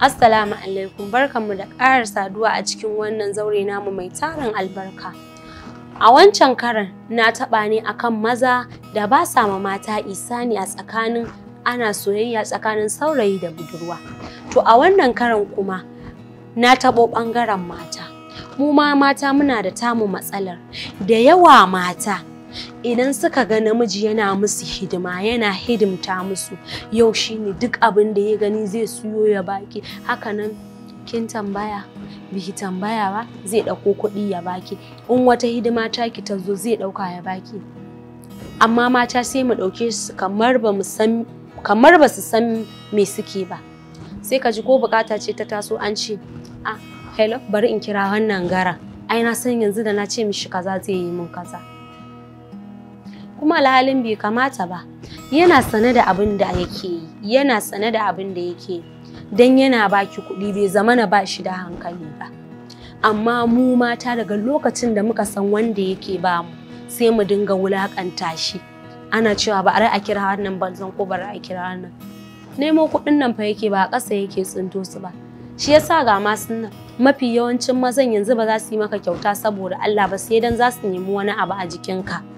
Assalamu alaikum barkanmu da ƙarar saduwa a cikin wannan zaure namu mai tarin albarka. A wancan karan na taɓa ne akan maza da ba sa ma mata isani a tsakanin ana soyayya tsakanin saurayi da budurwa. To a wannan karan kuma na taɓo ɓangaren mata. Mu ma mata muna da tamu matsalar. Da yawa mata idan suka ga namiji yana musu hidima yana hidimta musu yau shine duk abin da ya gani zai suyo ya baki hakanan kin tambaya biki tambaya ba zai ɗauko kuɗi ya baki in wata hidima ta ta zo zai ɗauka ya baki amma mata sai mu ɗauke su kamar ba mu san kamar ba su san me suke ba sai ka ji ko bukata ce ta taso an ce ah hello bari in kira wannan gara ai na san yanzu da na ce mishi kaza zai yi min kaza kuma alhalin bai kamata ba yana sane da abin da yake yi yana sane da abin da yake dan yana baki kuɗi bai zama ba shi da hankali ba amma mu mata daga lokacin da muka san wanda yake ba mu sai mu dinga wulakanta shi ana cewa ba a kira wannan banzan ko ba a kira wannan nemo kuɗin nan fa yake ba ƙasa yake tsinto su ba shi yasa ga masu nan mafi yawancin mazan yanzu ba za su yi maka kyauta saboda Allah ba sai dan za su nemi wani abu a jikinka. ka